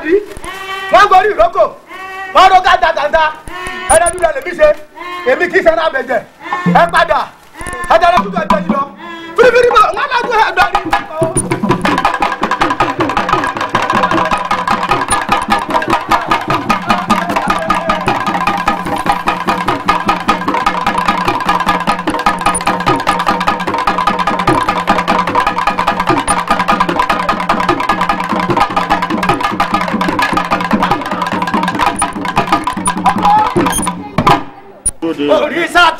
àbí wọ́n gorí ìrókò wọ́n ró gàdàgàdà ẹ̀rọ mi rẹ̀ lèmi ṣe èmi kì í ṣe rábẹ̀jẹ̀ ẹ padà ẹ̀jẹ̀ rẹ̀ tún bẹ̀ bẹ̀ yìí lọ bíríbírí bọ̀ wọ́n bá tún ẹ̀ gbọ́dọ̀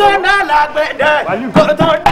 tó ń dá lágbẹ̀dẹ that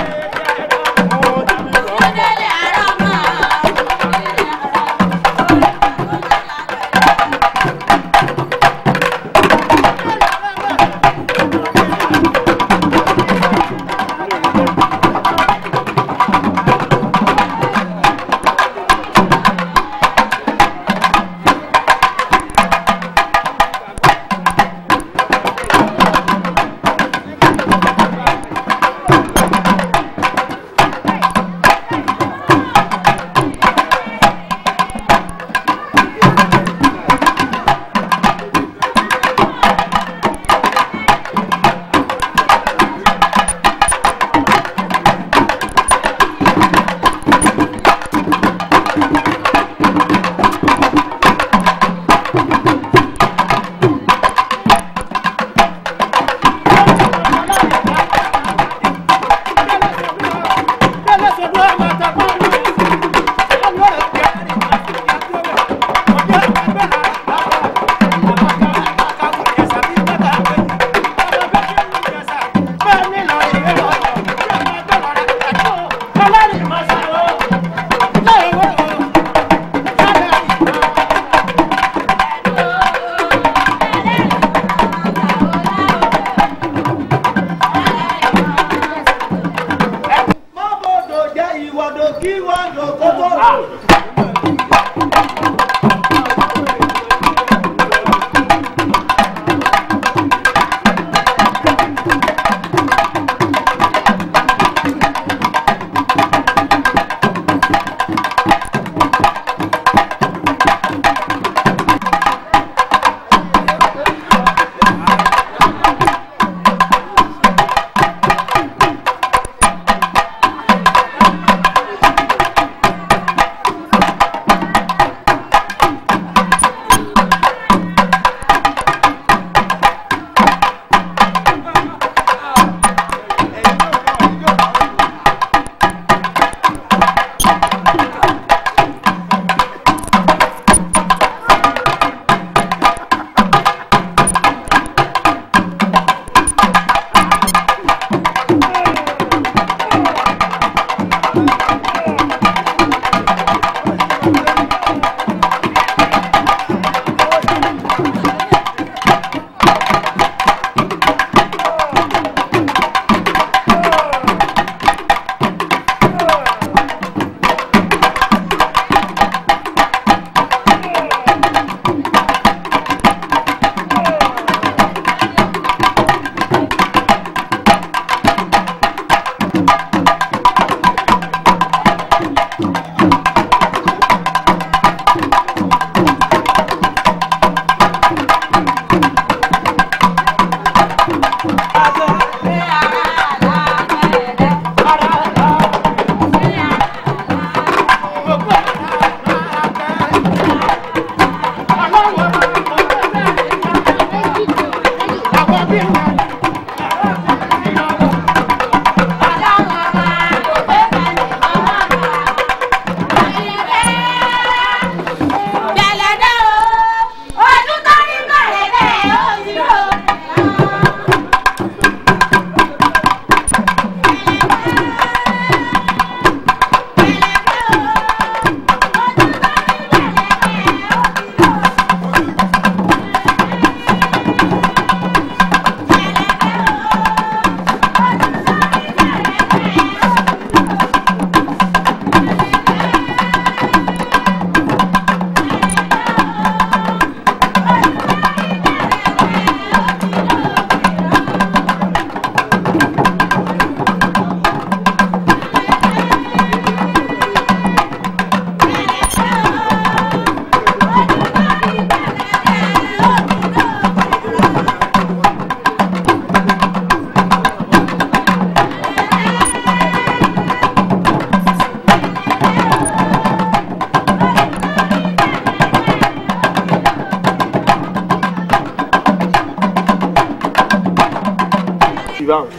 Ivan.